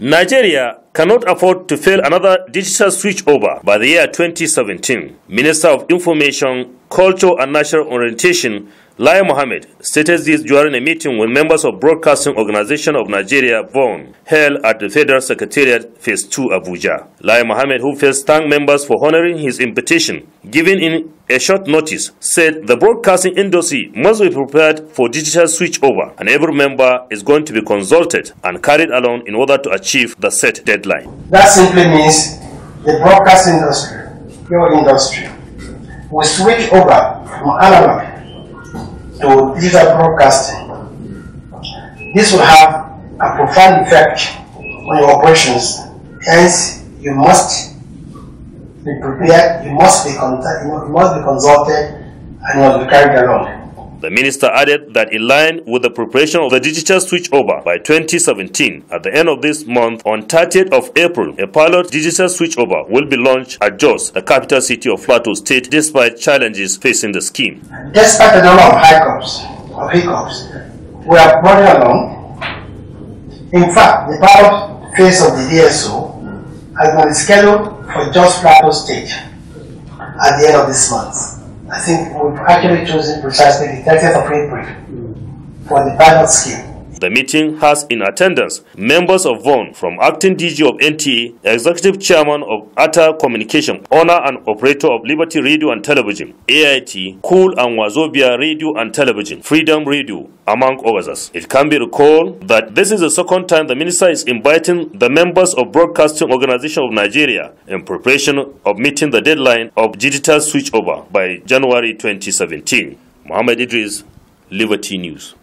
Najeriya cannot afford to fail another digital switchover by the year 2017. Minister of Information, Culture and National Orientation, Lai Mohammed, stated this during a meeting with members of Broadcasting Organization of Nigeria, VON, held at the Federal Secretariat, Phase 2, Abuja. Lai Mohammed, who first thanked members for honoring his invitation, given in a short notice, said the broadcasting industry must be prepared for digital switchover and every member is going to be consulted and carried along in order to achieve the set deadline. That simply means the broadcast industry, your industry, will switch over from analog to digital broadcasting. This will have a profound effect on your operations. Hence, you must be prepared, you must be, you must be consulted, and you must be carried along. The minister added that in line with the preparation of the digital switchover by 2017, at the end of this month, on 30th of April, a pilot digital switchover will be launched at Jos, the capital city of Plateau State, despite challenges facing the scheme. Despite the number of hiccups, of hiccups we are bringing along. In fact, the pilot phase of the DSO has been scheduled for Jos Plateau State at the end of this month. I think we've actually chosen precisely the 30th of April for the final scheme. The meeting has in attendance members of VON from acting DG of NTA, executive chairman of ATA Communication, owner and operator of Liberty Radio and Television, AIT, Cool and Wazobia Radio and Television, Freedom Radio, among others. It can be recalled that this is the second time the minister is inviting the members of Broadcasting Organization of Nigeria in preparation of meeting the deadline of digital switchover by January 2017. Mohammed Idris, Liberty News.